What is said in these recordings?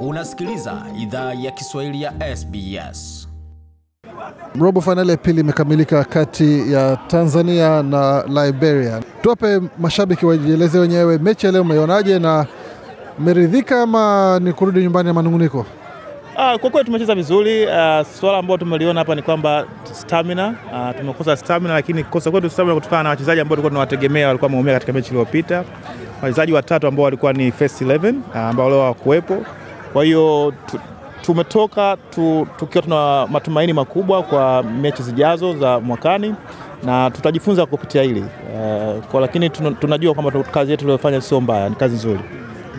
Unasikiliza idhaa ya Kiswahili ya SBS. Robo fainali ya pili imekamilika kati ya Tanzania na Liberia. Tuwape mashabiki wajieleze wenyewe, mechi ya leo umeionaje na meridhika ama ni kurudi nyumbani ya manunguniko? Ah, kwa kweli tumecheza vizuri. Uh, swala ambayo tumeliona hapa ni kwamba stamina, uh, tumekosa stamina, lakini kosa kwetu stamina kutokana na wachezaji ambao tulikuwa tunawategemea walikuwa wameumia katika mechi iliyopita, wachezaji watatu ambao walikuwa ni first 11 ah, ambao leo hawakuwepo kwa hiyo tumetoka tu, tukiwa tuna matumaini makubwa kwa mechi zijazo za mwakani na tutajifunza kupitia hili uh, kwa lakini tunajua kwamba kazi yetu tuliyofanya sio mbaya, ni kazi nzuri.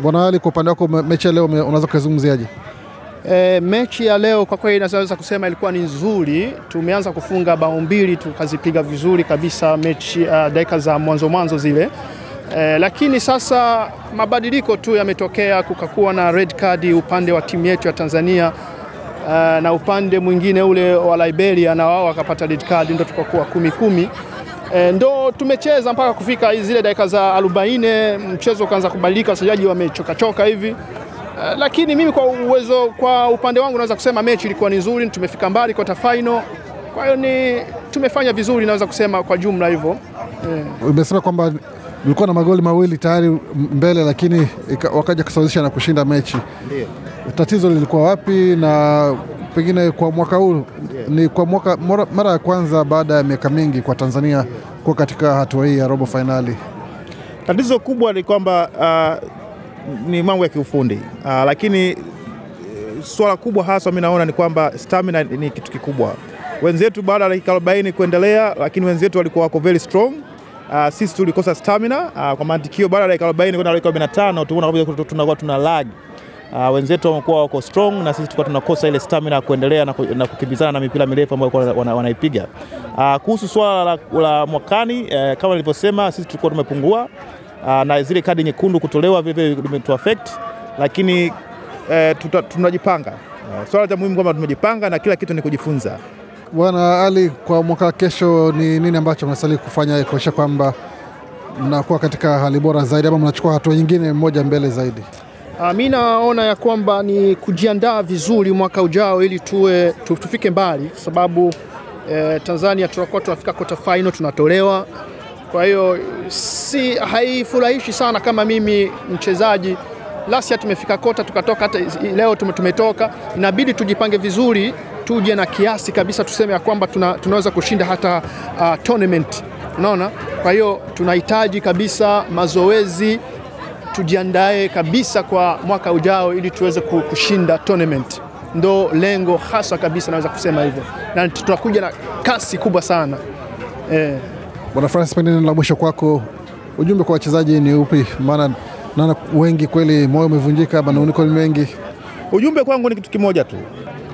Bwana Ali, kwa upande wako mechi ya leo unaweza kuzungumziaje? E, mechi ya leo kwa kweli naweza kusema ilikuwa ni nzuri. Tumeanza kufunga bao mbili tukazipiga vizuri kabisa mechi uh, dakika za mwanzo mwanzo zile Eh, lakini sasa mabadiliko tu yametokea, kukakuwa na red card upande wa timu yetu ya Tanzania uh, na upande mwingine ule wa Liberia na wao wakapata red card, ndo tukakuwa kumi kumi. E, eh, ndo tumecheza mpaka kufika zile dakika za 40, mchezo ukaanza kubadilika, wachezaji wamechokachoka hivi e, lakini mimi kwa uwezo kwa upande wangu naweza kusema mechi ilikuwa ni nzuri, tumefika mbali kwa final, kwa hiyo ni tumefanya vizuri, naweza kusema kwa jumla hivyo e. Umesema kwamba mlikuwa na magoli mawili tayari mbele, lakini wakaja kusawazisha na kushinda mechi. Ndiyo. Tatizo lilikuwa wapi? Na pengine kwa mwaka huu ni kwa mwaka mara ya kwanza baada ya miaka mingi kwa Tanzania kuwa katika hatua hii ya robo fainali. Tatizo kubwa ni kwamba uh, ni mambo ya kiufundi uh, lakini uh, swala kubwa hasa mimi naona ni kwamba stamina ni kitu kikubwa. Wenzetu baada ya dakika 40 kuendelea, lakini wenzetu walikuwa wako very strong Uh, sisi tulikosa stamina uh, kwa mantikio baada ya dakika 40 kwenda dakika 45 tunakuwa tuna lag. Uh, wenzetu wamekuwa wako strong na sisi tulikuwa tunakosa ile stamina ya kuendelea na, na kukimbizana na mipira mirefu ambayo wana, wanaipiga. Uh, kuhusu swala la, la mwakani uh, kama nilivyosema sisi tulikuwa tumepungua uh, na zile kadi nyekundu kutolewa vile vile vimetu affect, lakini uh, tunajipanga. Uh, swala la muhimu kwamba tumejipanga na kila kitu ni kujifunza. Bwana Ali, kwa mwaka kesho ni nini ambacho mnastahili kufanya kuakisha kwamba mnakuwa katika hali bora zaidi ama mnachukua hatua nyingine moja mbele zaidi? Ah, mi naona ya kwamba ni kujiandaa vizuri mwaka ujao ili tuwe tufike mbali, sababu eh, Tanzania tunakuwa tunafika kota final tunatolewa. Kwa hiyo si haifurahishi sana kama mimi mchezaji lasia tumefika kota tukatoka, hata leo tumetoka, inabidi tujipange vizuri tuje na kiasi kabisa tuseme ya kwamba tuna, tunaweza kushinda hata uh, tournament unaona. Kwa hiyo tunahitaji kabisa mazoezi, tujiandae kabisa kwa mwaka ujao ili tuweze kushinda tournament. Ndo lengo hasa kabisa, naweza kusema hivyo, na tutakuja na kasi kubwa sana eh. Bwana Francis, pengine la mwisho kwako, ujumbe kwa wachezaji ni upi? Maana naona wengi kweli moyo umevunjika, manung'uniko ni mengi. Ujumbe kwangu ni kitu kimoja tu,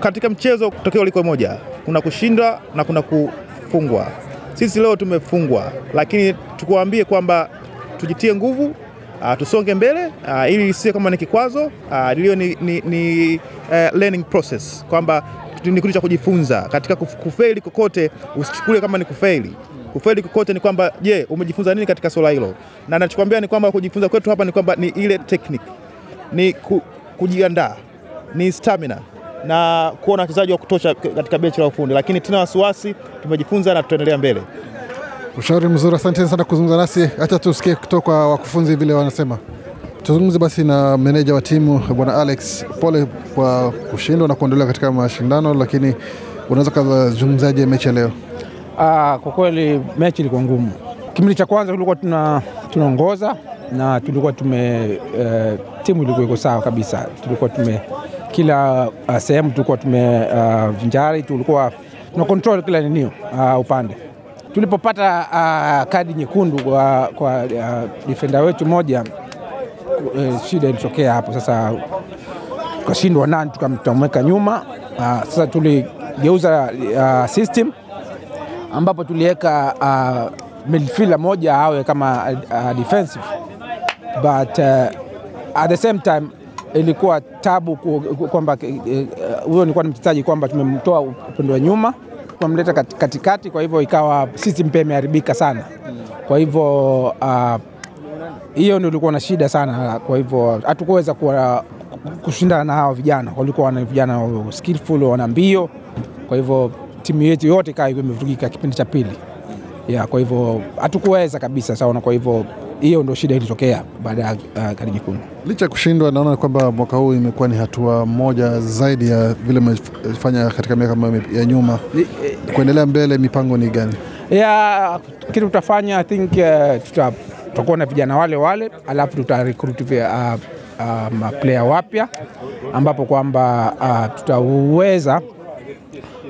katika mchezo tokeo liko moja, kuna kushinda na kuna kufungwa. Sisi leo tumefungwa, lakini tukuambie kwamba tujitie nguvu, uh, tusonge mbele uh, ili isiwe kama ni kikwazo uh, ah, iliyo ni, ni, ni uh, learning process kwamba ni kitu cha kujifunza katika kufeli kokote. Usichukulie kama ni kufeli. Kufeli kokote ni kwamba je, yeah, umejifunza nini katika swala hilo? Na nachokwambia ni kwamba kujifunza kwetu hapa ni kwamba ni ile technique, ni ku, kujiandaa, ni stamina na kuona wachezaji wa kutosha katika benchi la ufundi, lakini tuna wasiwasi, tumejifunza na tutaendelea mbele. Ushauri mzuri, asanteni sana kuzungumza nasi, hata tusikie kutoka kwa wakufunzi vile wanasema. Tuzungumze basi na meneja wa timu bwana Alex. Pole kwa kushindwa na kuondolewa katika mashindano, lakini unaweza ukazungumzaje mechi ya leo? Ah, kwa kweli mechi ilikuwa ngumu. Kipindi cha kwanza tulikuwa tuna tunaongoza na tulikuwa tume e, timu ilikuwa iko sawa kabisa, tulikuwa tume kila uh, sehemu tulikuwa tumevinjari uh, tulikuwa tuna control kila ninio uh, upande tulipopata uh, kadi nyekundu kwa, kwa uh, defender wetu moja uh, eh, shida ilitokea hapo sasa, tukashindwa nani, tukamweka nyuma uh, sasa tuligeuza uh, system ambapo tuliweka uh, midfielder moja awe kama uh, defensive but uh, at the same time ilikuwa tabu kwamba eh, eh, huyo nilikuwa ni mchezaji kwamba tumemtoa upande wa nyuma tumemleta katikati, kwa hivyo ikawa system pia imeharibika sana. Kwa hivyo ah, hiyo uh, ndio ilikuwa na shida sana. Kwa hivyo hatukuweza kuwa kushindana na hawa vijana, walikuwa wana vijana skillful, wana mbio. Kwa hivyo timu yetu yote ikawa imevurugika kipindi cha pili, yeah. Kwa hivyo hatukuweza kabisa sana, kwa hivyo hiyo ndio shida ilitokea baada ya uh, kadi nyekundu. Licha ya kushindwa, naona kwamba mwaka huu imekuwa ni hatua moja zaidi ya vile mefanya katika miaka ya nyuma. Eh, Kuendelea mbele, mipango ni gani? Yeah, kitu tutafanya I think uh, tuta tutakuwa na vijana wale wale, alafu tuta recruit uh, uh, wapya ambapo kwamba uh, tutaweza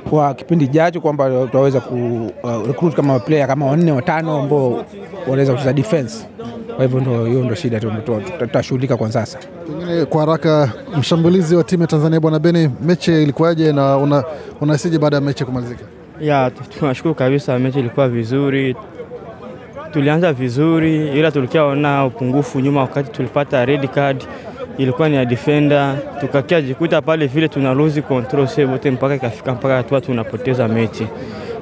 kwa kipindi jacho kwamba tutaweza ku uh, recruit kama player kama wanne watano ambao wanaweza kucheza defense. Kwa hivyo ndio hiyo ndio shida tutashughulika kwa sasa. Pengine kwa haraka, mshambulizi wa timu ya Tanzania Bwana Beni, mechi ilikuwaje na una, unasije baada ya mechi kumalizika? Ya, tunashukuru kabisa, mechi ilikuwa vizuri, tulianza vizuri, ila tulikiaona upungufu nyuma wakati tulipata red card ilikuwa ni ya defender, tukakia jikuta pale vile tuna lose control save wote mpaka ikafika mpaka hatua tunapoteza mechi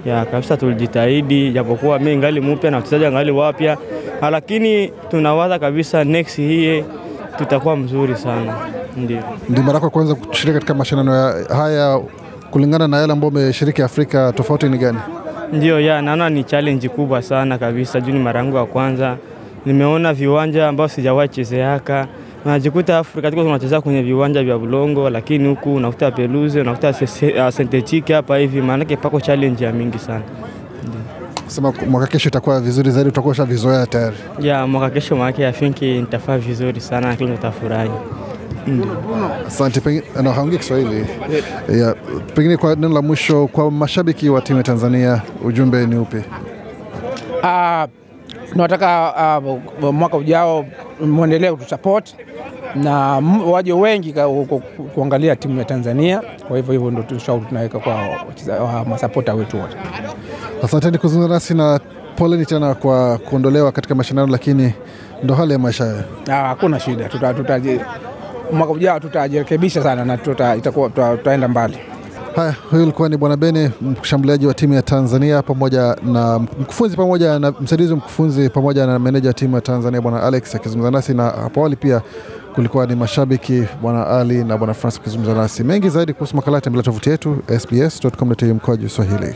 ya kabisa. Tulijitahidi japokuwa mimi ngali mupya na wachezaji ngali wapya, ah, lakini tunawaza kabisa next hii tutakuwa mzuri sana. Ndio ndio mara yako kwanza kushiriki katika mashindano haya, kulingana na yale ambayo umeshiriki Afrika, tofauti ni gani? Ndio ya naona ni challenge kubwa sana kabisa, juu ni mara yangu ya kwanza, nimeona viwanja ambao sijawahi chezeaka najikuta Afrika tuko tunacheza kwenye viwanja vya bulongo, lakini huku unakuta peluze, unakuta synthetic ah, hapa hivi, maanake pako challenge ya mingi sana Sema mwaka kesho itakuwa vizuri zaidi, utakuwa ushavizoea tayari Yeah, mwaka kesho, maanake I think nitafaa vizuri sana, lakini nitafurahi. Mm. Asante. Pengine haongei Kiswahili, pengine kwa neno la mwisho kwa mashabiki wa timu ya Tanzania, ujumbe ni upi? Ah, tunataka uh, uh, mwaka ujao mwendelee kutusupport na waje wengi kuangalia timu ya Tanzania. Kwa hivyo hivyo ndio ushauri tunaweka kwa masapota wetu wote. Asanteni kuzungumza nasi na poleni tena kwa kuondolewa katika mashindano, lakini ndo hali ya maisha hayo. Hakuna shida, tuta, tuta, mwaka ujao tutajirekebisha sana na tuta, itakuwa tutaenda mbali. Haya, huyu alikuwa ni Bwana Beni, mshambuliaji wa timu ya Tanzania pamoja na mkufunzi pamoja na msaidizi mkufunzi pamoja na meneja wa timu ya Tanzania Bwana Alex akizungumza nasi, na hapo awali pia kulikuwa ni mashabiki Bwana Ali na Bwana Francis akizungumza nasi mengi zaidi kuhusu makala, tembelea tovuti yetu sbs.com.au mkoaji Swahili.